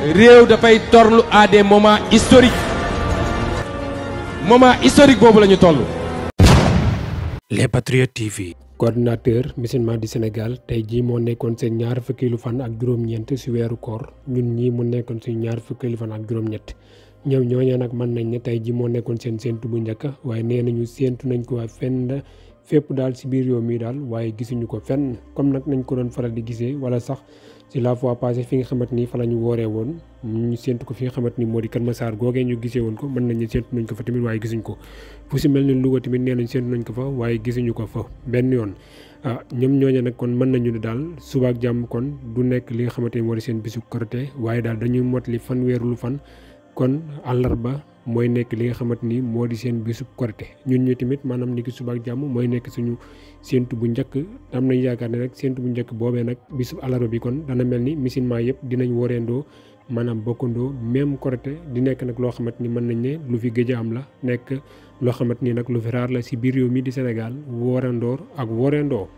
réew dafay torlu à des moments historiques moment historique boobu lañu ñu toll. Les Patriotes TV. coordinateur musulman du Sénégal tey jii moo nekkoon seen ñaar fukkeelu fan ak juróom-ñeent si weeru koor ñun ñii mu nekkoon suñu ñaar fukkeelu fan ak juróom-ñett ñoom ñooñu nag mën nañ ne tey jii moo nekkoon seen séentu bu njëkk waaye nee nañu séentu nañ ko waa fépp daal ci biir réew mi daal waaye gisuñu ko fenn comme nag nañ ko doon faral di gisee wala sax ci la fois passée fi nga xamante ni fa la ñu wooree woon ñu séntu ko fi nga xamante ni moo di ma saar googee ñu gisee woon ko mën nañu séntu nañ ko fa tamit waaye gisuñ ko fu ci mel ni Louga tamit nee nañ séntu nañ ko fa waaye gisuñu ko fa benn yoon ah ñoom ñooñu nag kon mën nañu ne daal suba ak jàmm kon du nekk li nga xamante ni moo di seen bisu korite waaye daal dañuy mot li fanweer lu fan kon àllarba mooy nekk li nga xamante ni moo di seen bisub korite ñun ñu tamit maanaam ni ki jàmm mooy nekk suñu séentu bu njëkk am nañ yaakaar ne nag séentu bu njëkk boobee nag bisub alarba bi kon dana mel ni musulman yëpp dinañ wóoreendoo maanaam bokkandoo même korite di nekk nag loo xamante ni mën nañ ne lu fi gëj a am la nekk loo xamante ni nag lu fi raar la si biir réew mi di Sénégal wóorandoor ak wóoreendoo